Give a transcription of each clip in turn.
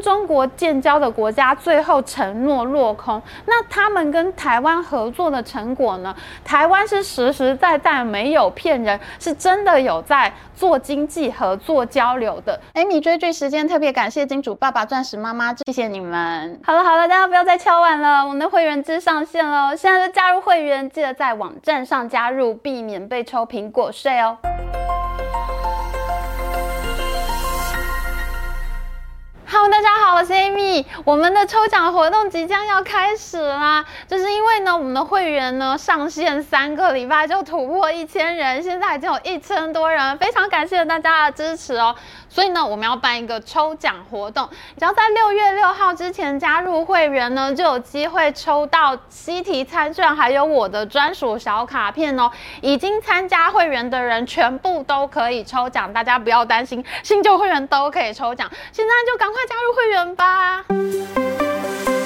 中國建交的國家最後承諾落空，那他們跟台灣合作的成果呢？台灣是實實在在在沒有騙人，是真的有在做經濟合作交流的。Emmy 追劇時間，特別感謝金主爸爸、鑽石媽媽，謝謝你們。好了好了，大家不要再敲碗了，我們的會員制上線了，現在就加入會員，記得在網站上加入，避免被抽蘋果稅哦。哈嘍，Hello, 大家好，我是 Amy。我們的抽獎活動即將要開始啦！就是因為呢，我們的會員呢上線三個禮拜就突破一千人，現在已經有一千多人，非常感謝大家的支持哦。所以呢，我們要辦一個抽獎活動，只要在六月六號之前加入會員呢，就有機會抽到西提餐券，還有我的專屬小卡片哦。已經參加會員的人全部都可以抽獎，大家不要擔心，新舊會員都可以抽獎。現在就趕快。快加入會員吧！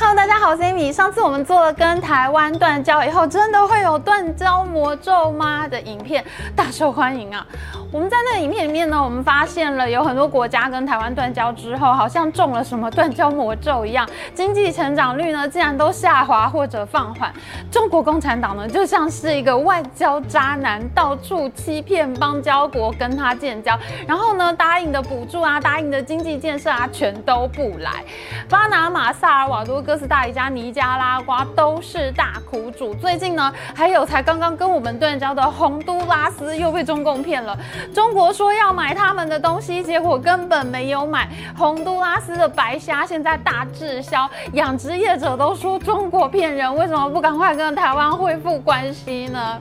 Hello，大家好，我是 Emmy。上次我們做了跟台灣斷交以後，真的會有斷交魔咒嗎的影片大受歡迎啊！我們在那個影片裡面呢，我們發現了有很多國家跟台灣斷交之後，好像中了什麼斷交魔咒一樣，經濟成長率呢竟然都下滑或者放緩。中國共產黨呢就像是一個外交渣男，到處欺騙邦交國跟他建交，然後呢答應的補助啊，答應的經濟建設啊，全都不來。巴拿馬、薩爾瓦多。哥斯大黎加、尼加拉瓜都是大苦主。最近呢，還有才剛剛跟我們斷交的宏都拉斯又被中共騙了。中國說要買他們的東西，結果根本沒有買。宏都拉斯的白蝦現在大滯銷，養殖業者都說中國騙人。為什麼不趕快跟台灣恢復關係呢？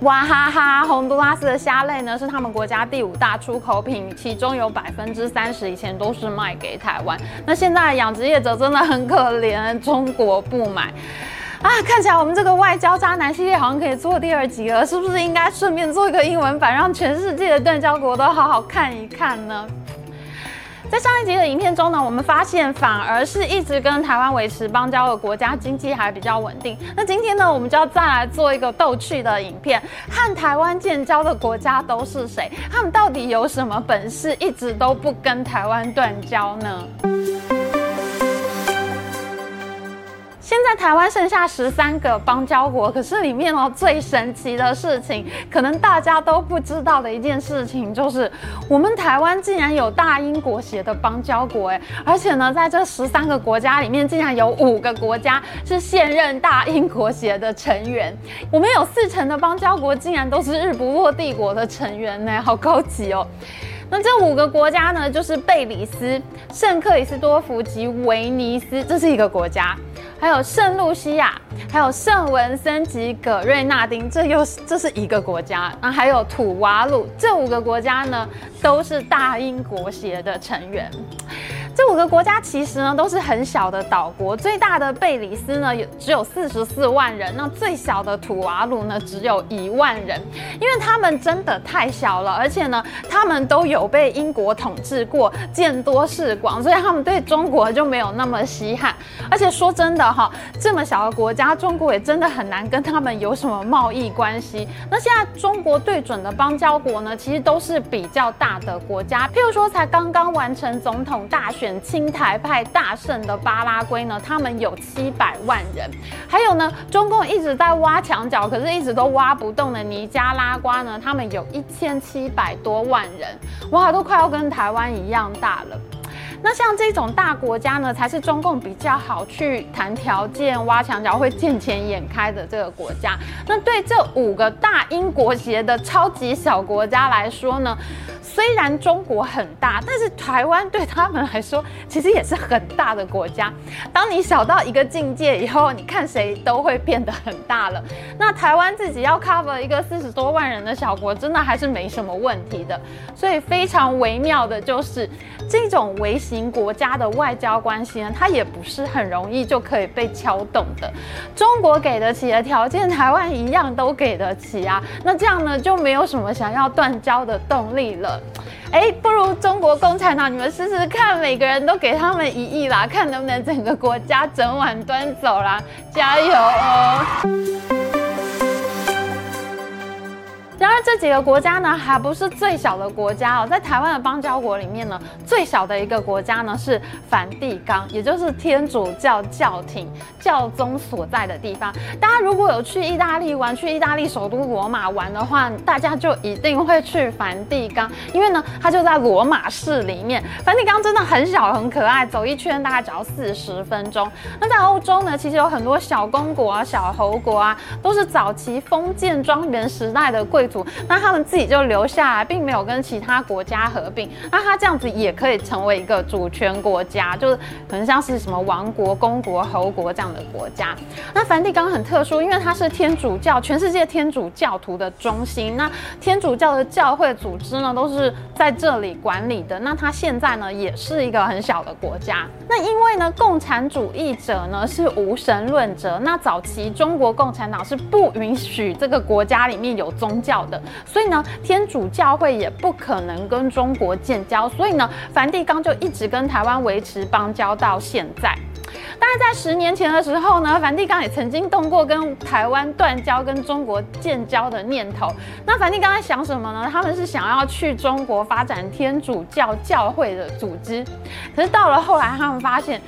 哇哈哈！宏都拉斯的蝦類呢是他們國家第五大出口品，其中有百分之三十以前都是賣給台灣。那現在養殖業者真的很可憐。中國不買啊！看起來我們這個外交渣男系列好像可以做第二集了，是不是應該順便做一個英文版，讓全世界的斷交國都好好看一看呢？在上一集的影片中呢，我們發現反而是一直跟台灣維持邦交的國家，經濟還比較穩定。那今天呢，我們就要再來做一個逗趣的影片，和台灣建交的國家都是誰？他們到底有什麼本事，一直都不跟台灣斷交呢？現在台灣剩下十三個邦交國，可是裡面哦，最神奇的事情，可能大家都不知道的一件事情，就是我們台灣竟然有大英國協的邦交國哎，而且呢，在這十三個國家裡面，竟然有五個國家是現任大英國協的成員，我們有四成的邦交國竟然都是日不落帝國的成員誒，好高級哦。那這五個國家呢，就是貝里斯、聖克里斯多福及威尼斯，這是一個國家；還有聖露西亞，還有聖文森及葛瑞納丁，這又是這是一個國家。那、啊、還有土瓦魯，這五個國家呢，都是大英國協的成員。這五個國家其實呢都是很小的島國，最大的貝里斯呢也只有四十四萬人，那最小的土瓦魯呢只有一萬人，因為他們真的太小了，而且呢他們都有被英國統治過，見多識廣，所以他們對中國就沒有那麼稀罕。而且說真的哈，這麼小的國家，中國也真的很難跟他們有什麼貿易關係。那現在中國對準的邦交國呢，其實都是比較大的國家，譬如說才剛剛完成總統大選，選親台派大勝的巴拉圭呢，他們有七百萬人；還有呢，中共一直在挖牆角，可是一直都挖不動的尼加拉瓜呢，他們有一千七百多萬人，哇，都快要跟台灣一樣大了。那像這種大國家呢，才是中共比較好去談條件、挖牆腳、會見錢眼開的這個國家。那對這五個大英國協的超級小國家來說呢，雖然中國很大，但是台灣對他們來說其實也是很大的國家。當你小到一個境界以後，你看誰都會變得很大了。那台灣自己要 cover 一個四十多萬人的小國，真的還是沒什麼問題的。所以非常微妙的就是這種危。國家的外交關係呢，它也不是很容易就可以被撬動的。中國給得起的條件，台灣一樣都給得起啊。那這樣呢，就沒有什麼想要斷交的動力了。誒，不如中國共產黨，你們試試看，每個人都給他們一億啦，看能不能整個國家整碗端走啦，加油哦！然而這幾個國家呢，還不是最小的國家哦。在台灣的邦交國裡面呢，最小的一個國家呢是梵蒂岡，也就是天主教教廷教宗所在的地方。大家如果有去意大利玩，去意大利首都羅馬玩的話，大家就一定會去梵蒂岡，因為呢，它就在羅馬市裡面。梵蒂岡真的很小很可愛，走一圈大概只要四十分鐘。那在歐洲呢，其實有很多小公國啊、小侯國啊，都是早期封建莊園時代的貴。那他們自己就留下來，並沒有跟其他國家合併。那他這樣子也可以成為一個主權國家，就是可能像是什麼王國、公國、侯國這樣的國家。那梵蒂岡很特殊，因為它是天主教、全世界天主教徒的中心，那天主教的教會組織呢都是在這裡管理的。那它現在呢也是一個很小的國家。那因為呢，共產主義者呢是無神論者，那早期中國共產黨是不允許這個國家裡面有宗教的。的，所以呢，天主教會也不可能跟中國建交，所以呢，梵蒂岡就一直跟台灣維持邦交到現在。當然，在十年前的時候呢，梵蒂岡也曾經動過跟台灣斷交、跟中國建交的念頭。那梵蒂岡在想什麼呢？他們是想要去中國發展天主教教會的組織，可是到了後來，他們發現，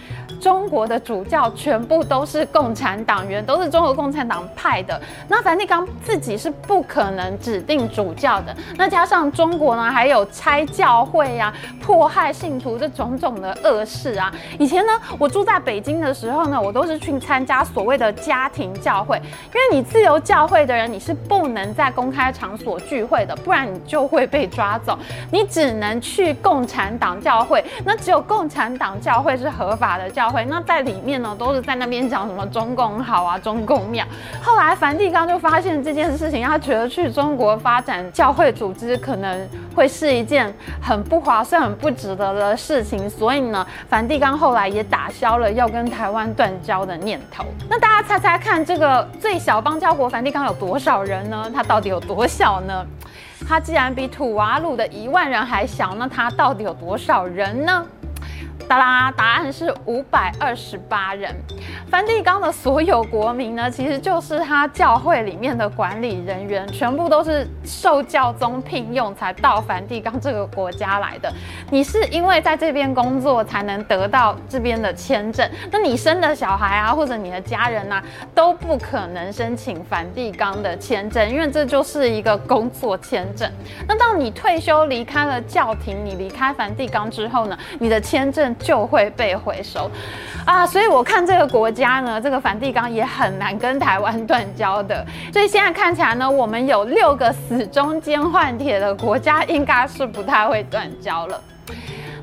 中國的主教全部都是共產黨員，都是中國共產黨派的。那梵蒂岡自己是不可能指定主教的。那加上中國呢，還有拆教會呀、啊、迫害信徒這種種的惡事啊。以前呢，我住在北京的時候呢，我都是去參加所謂的家庭教會，因為你自由教會的人，你是不能在公開場所聚會的，不然你就會被抓走。你只能去共產黨教會，那只有共產黨教會是合法的教會。那在裡面呢，都是在那邊講什麼中共好啊，中共妙。後來梵蒂岡就發現這件事情，他覺得去中國發展教會組織可能會是一件很不划算、很不值得的事情，所以呢，梵蒂岡後來也打消了要跟台灣斷交的念頭。那大家猜猜看，這個最小邦交國梵蒂岡有多少人呢？它到底有多小呢？它既然比土瓦魯的一萬人還小，那它到底有多少人呢？噠啦，答案是五百二十八人。梵蒂岡的所有國民呢，其實就是他教會裡面的管理人員，全部都是受教宗聘用才到梵蒂岡這個國家來的。你是因為在這邊工作才能得到這邊的簽證，那你生的小孩啊，或者你的家人吶啊，都不可能申請梵蒂岡的簽證，因為這就是一個工作簽證。那到你退休離開了教廷，你離開梵蒂岡之後呢，你的簽證就會被回收。啊，所以我看這個國家。家呢，這個梵蒂岡也很難跟台灣斷交的，所以現在看起來呢，我們有六個死中間換鐵的國家，應該是不太會斷交了。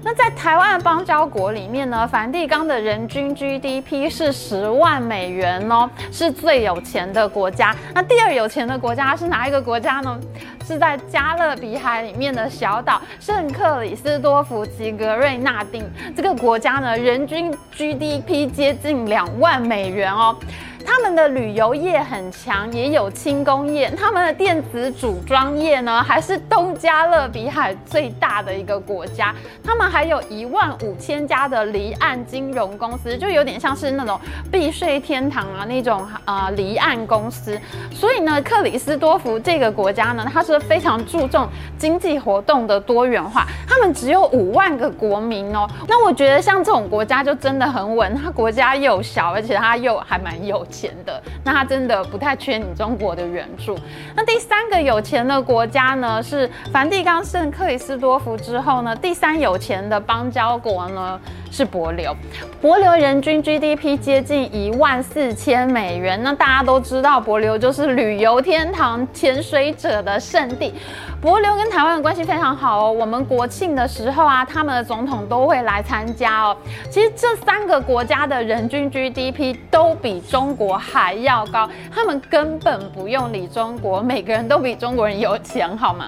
那在台灣的邦交國裡面呢，梵蒂岡的人均 GDP 是十萬美元哦，是最有錢的國家。那第二有錢的國家是哪一個國家呢？是在加勒比海裡面的小島聖克里斯多福及格瑞納丁這個國家呢，人均 GDP 接近兩萬美元哦。他們的旅遊業很強，也有輕工業。他們的電子組裝業呢，還是東加勒比海最大的一個國家。他們還有一萬五千家的離岸金融公司，就有點像是那種避稅天堂啊那種啊、呃、離岸公司。所以呢，克里斯多福這個國家呢，它是。非常注重經濟活動的多元化，他們只有五萬個國民哦。那我覺得像這種國家就真的很穩，他國家又小，而且他又還蠻有錢的。那他真的不太缺你中國的援助。那第三個有錢的國家呢，是梵蒂岡、聖克里斯多福之後呢，第三有錢的邦交國呢？是帛琉，帛琉人均 GDP 接近一萬四千美元。那大家都知道，帛琉就是旅遊天堂、潛水者的聖地。帛琉跟台灣的關係非常好哦。我們國慶的時候啊，他們的總統都會來參加哦。其實這三個國家的人均 GDP 都比中國還要高，他們根本不用理中國，每個人都比中國人有錢，好嗎？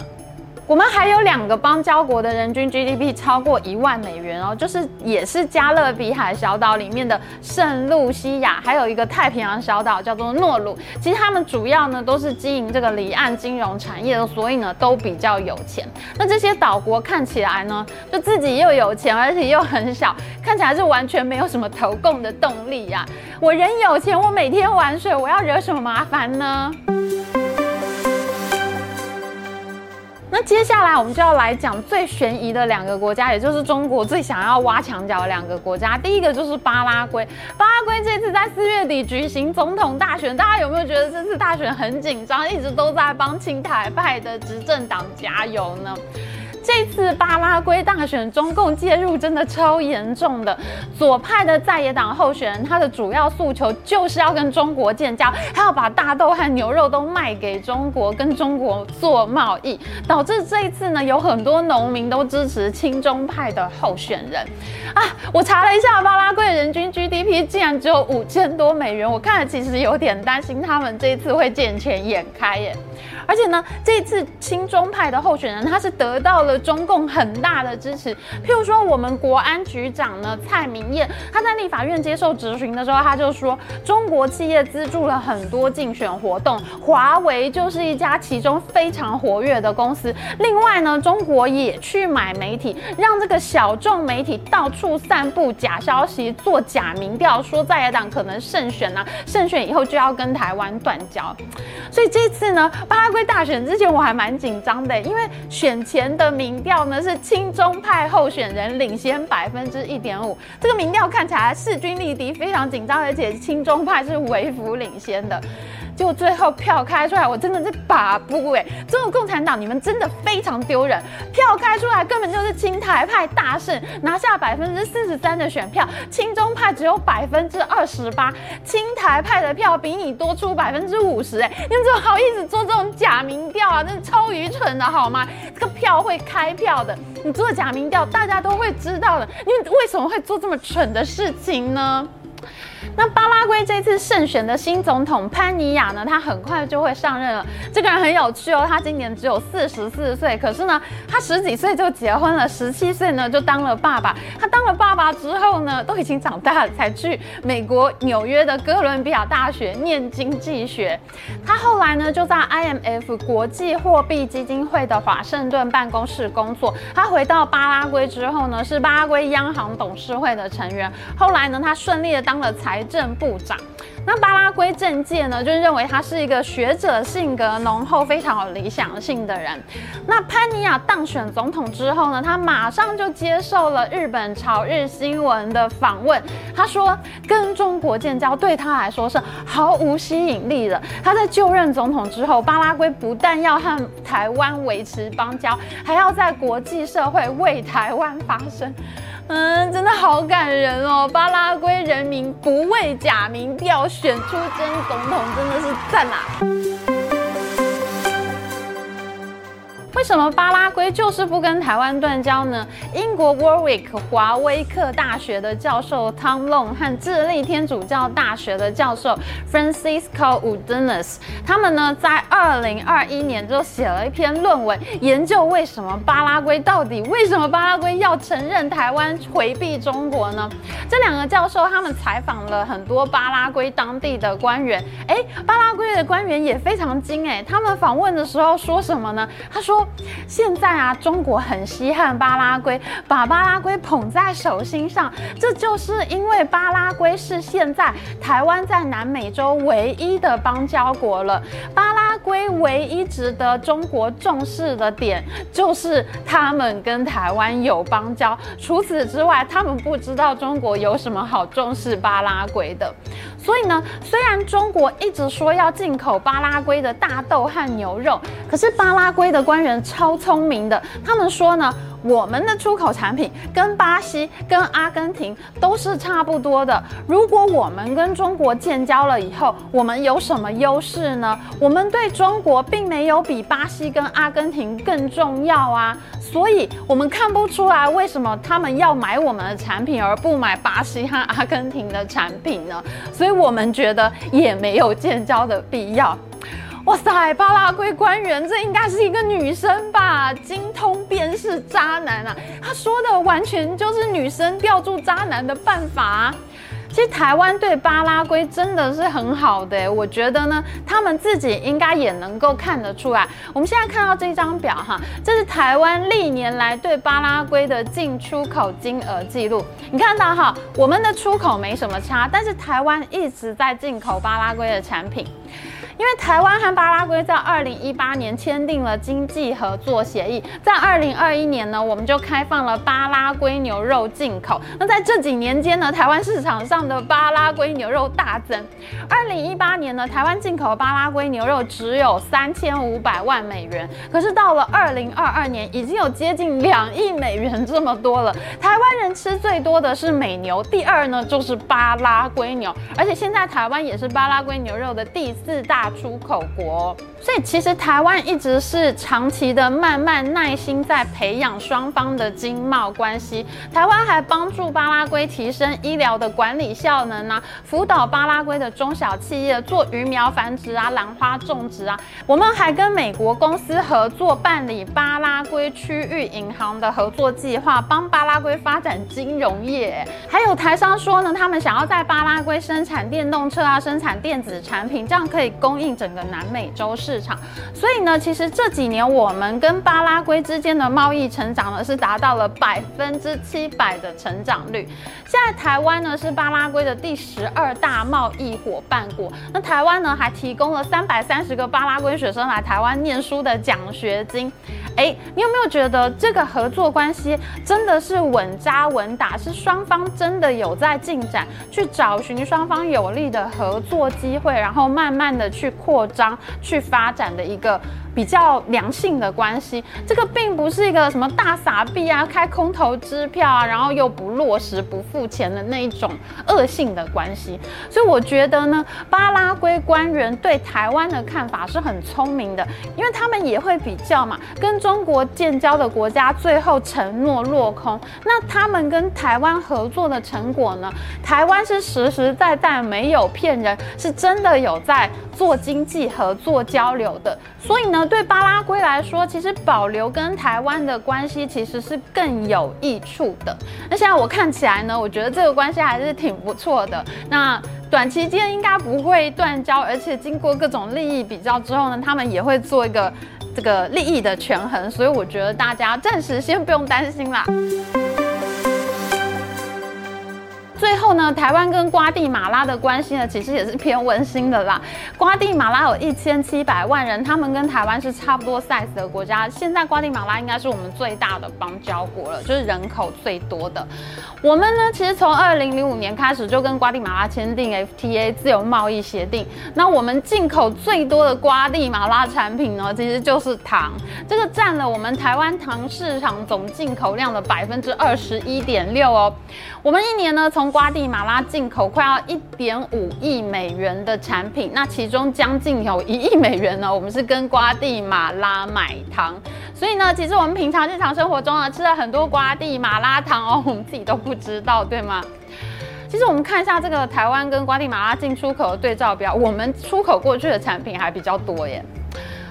我們還有兩個邦交國的人均 GDP 超過一萬美元哦，就是也是加勒比海小島裡面的聖露西亞，還有一個太平洋小島叫做諾魯。其實他們主要呢都是經營這個離岸金融產業的，所以呢都比較有錢。那這些島國看起來呢，就自己又有錢，而且又很小，看起來是完全沒有什麼投共的動力呀、啊。我人有錢，我每天玩水，我要惹什麼麻煩呢？那接下來我們就要來講最懸疑的兩個國家，也就是中國最想要挖牆腳的兩個國家。第一個就是巴拉圭，巴拉圭這次在四月底舉行總統大選，大家有沒有覺得這次大選很緊張，一直都在幫親台派的執政黨加油呢？這次巴拉圭大選，中共介入真的超嚴重的。左派的在野黨候選人，他的主要訴求就是要跟中國建交，他要把大豆和牛肉都賣給中國，跟中國做貿易，導致這一次呢，有很多農民都支持親中派的候選人。啊，我查了一下，巴拉圭人均 GDP 竟然只有五千多美元，我看了其實有點擔心他們這一次會見錢眼開耶。而且呢，這次親中派的候選人，他是得到了中共很大的支持。譬如說，我們國安局長呢，蔡明彥，他在立法院接受質詢的時候，他就說，中國企業資助了很多競選活動，華為就是一家其中非常活躍的公司。另外呢，中國也去買媒體，讓這個小眾媒體到處散布假消息，做假民調，說在野黨可能勝選呢、啊，勝選以後就要跟台灣斷交。所以這次呢，巴。因為大選之前，我還蠻緊張的，因為選前的民調呢，是親中派候選人領先百分之一點五，這個民調看起來勢均力敵，非常緊張，而且親中派是微幅領先的。就最後票開出來，我真的是把不哎、欸！中國共產黨，你們真的非常丟人。票開出來根本就是親台派大勝，拿下百分之四十三的選票，親中派只有百分之二十八。親台派的票比你多出百分之五十哎！你們怎麼好意思做這種假民調啊？那是超愚蠢的好嗎？這個票會開票的，你做假民調，大家都會知道的。你們為什麼會做這麼蠢的事情呢？那巴拉圭這次勝選的新總統潘尼亞呢？他很快就會上任了。這個人很有趣哦，他今年只有四十四歲，可是呢，他十幾歲就結婚了，十七歲呢就當了爸爸。他當了爸爸之後呢，都已經長大了，才去美國紐約的哥倫比亞大學念經濟學。他後來呢就在 IMF 國際貨幣基金會的華盛頓辦公室工作。他回到巴拉圭之後呢，是巴拉圭央行董事會的成員。後來呢，他順利的當了財。政部長。那巴拉圭政界呢，就認為他是一個學者性格濃厚、非常有理想性的人。那潘尼亞當選總統之後呢，他馬上就接受了日本朝日新聞的訪問。他說，跟中國建交對他來說是毫無吸引力的。他在就任總統之後，巴拉圭不但要和台灣維持邦交，還要在國際社會為台灣發聲。嗯，真的好感人哦！巴拉圭人民不為假民調選出真總統，真的是讚啊！為什麼巴拉圭就是不跟台灣斷交呢？英國 Warwick 華威克大學的教授 Tom Long 和智利天主教大學的教授 Francisco Udinas，他們呢在二零二一年就寫了一篇論文，研究為什麼巴拉圭到底為什麼巴拉圭要承認台灣，回避中國呢？這兩個教授他們採訪了很多巴拉圭當地的官員，哎，巴拉圭的官員也非常精誒，他們訪問的時候說什麼呢？他說。現在啊，中國很稀罕巴拉圭，把巴拉圭捧在手心上，這就是因為巴拉圭是現在台灣在南美洲唯一的邦交國了。巴拉圭唯一值得中國重視的點，就是他們跟台灣有邦交。除此之外，他們不知道中國有什麼好重視巴拉圭的。所以呢，雖然中國一直說要進口巴拉圭的大豆和牛肉，可是巴拉圭的官員超聰明的，他們說呢。我們的出口產品跟巴西、跟阿根廷都是差不多的。如果我們跟中國建交了以後，我們有什麼優勢呢？我們對中國並沒有比巴西跟阿根廷更重要啊，所以我們看不出來為什麼他們要買我們的產品而不買巴西和阿根廷的產品呢？所以我們覺得也沒有建交的必要。哇塞，巴拉圭官員，這應該是一個女生吧？精通辨識渣男啊！她說的完全就是女生吊住渣男的辦法啊。其實台灣對巴拉圭真的是很好的，我覺得呢，他們自己應該也能夠看得出來。我們現在看到這張表哈，這是台灣歷年來對巴拉圭的進出口金額記錄。你看到哈，我們的出口沒什麼差，但是台灣一直在進口巴拉圭的產品。因為台灣和巴拉圭在二零一八年簽訂了經濟合作協議，在二零二一年呢，我們就開放了巴拉圭牛肉進口。那在這幾年間呢，台灣市場上的巴拉圭牛肉大增。二零一八年呢，台灣進口的巴拉圭牛肉只有三千五百萬美元，可是到了二零二二年，已經有接近兩億美元這麼多了。台灣人吃最多的是美牛，第二呢就是巴拉圭牛，而且現在台灣也是巴拉圭牛肉的第四大。出口國，所以其實台灣一直是長期的、慢慢耐心在培養雙方的經貿關係。台灣還幫助巴拉圭提升醫療的管理效能啊，輔導巴拉圭的中小企業做魚苗繁殖啊、蘭花種植啊。我們還跟美國公司合作辦理巴拉圭區域銀行的合作計劃，幫巴拉圭發展金融業。還有台商說呢，他們想要在巴拉圭生產電動車啊、生產電子產品，這樣可以供。供應整個南美洲市場，所以呢，其實這幾年我們跟巴拉圭之間的貿易成長呢是達到了百分之七百的成長率。現在台灣呢是巴拉圭的第十二大貿易夥伴國，那台灣呢還提供了三百三十個巴拉圭學生來台灣念書的獎學金。哎，你有沒有覺得這個合作關係真的是穩扎穩打，是雙方真的有在進展，去找尋雙方有利的合作機會，然後慢慢的去。去擴張，去發展的一個比較良性的關係，這個並不是一個什麼大撒幣啊，開空頭支票啊，然後又不落實不付錢的那一種惡性的關係。所以我覺得呢，巴拉圭官員對台灣的看法是很聰明的，因為他們也會比較嘛，跟中國建交的國家最後承諾落空，那他們跟台灣合作的成果呢，台灣是實實在在在沒有騙人，是真的有在做經濟合作交流的，所以呢。對巴拉圭來說，其實保留跟台灣的關係其實是更有益處的。那現在我看起來呢，我覺得這個關係還是挺不錯的。那短期間應該不會斷交，而且經過各種利益比較之後呢，他們也會做一個這個利益的權衡。所以我覺得大家暫時先不用擔心啦。最後呢，台灣跟瓜地馬拉的關係呢，其實也是偏溫馨的啦。瓜地馬拉有一千七百萬人，他們跟台灣是差不多 size 的國家。現在瓜地馬拉應該是我們最大的邦交國了，就是人口最多的。我們呢，其實從二零零五年開始就跟瓜地馬拉簽訂 FTA 自由貿易協定。那我們進口最多的瓜地馬拉產品呢，其實就是糖，這個佔了我們台灣糖市場總進口量的百分之二十一點六哦。我們一年呢，從瓜地馬拉進口快要一點五億美元的產品，那其中將近有一億美元呢，我們是跟瓜地馬拉買糖，所以呢，其實我們平常日常生活中啊，吃了很多瓜地馬拉糖哦，我們自己都不知道，對嗎？其實我們看一下這個台灣跟瓜地馬拉進出口的對照表，我們出口過去的產品還比較多耶。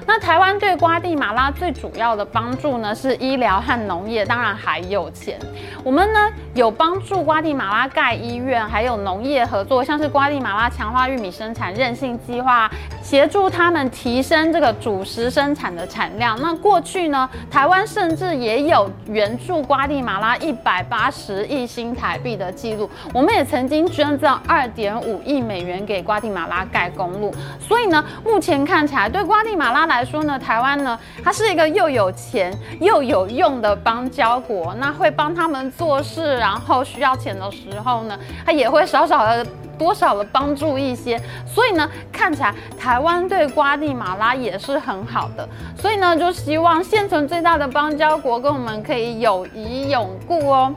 那台灣對瓜地馬拉最主要的幫助呢，是醫療和農業，當然還有錢。我們呢有幫助瓜地馬拉蓋醫院，還有農業合作，像是瓜地馬拉強化玉米生產韌性計劃，協助他們提升這個主食生產的產量。那過去呢，台灣甚至也有援助瓜地馬拉一百八十億新台幣的記錄。我們也曾經捐贈二點五億美元給瓜地馬拉蓋公路。所以呢，目前看起來對瓜地馬拉。說來說呢，台灣呢，它是一個又有錢又有用的邦交國，那會幫他們做事，然後需要錢的時候呢，它也會少少的多少的幫助一些，所以呢，看起來台灣對瓜地馬拉也是很好的，所以呢，就希望現存最大的邦交國跟我們可以友誼永固哦。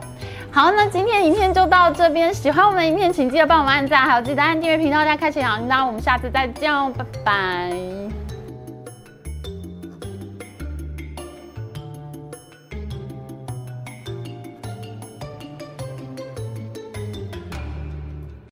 好，那今天影片就到這邊，喜歡我們影片，請記得幫我們按讚，還有記得按訂閱頻道，再開啟小鈴鐺，那我們下次再見哦，拜拜。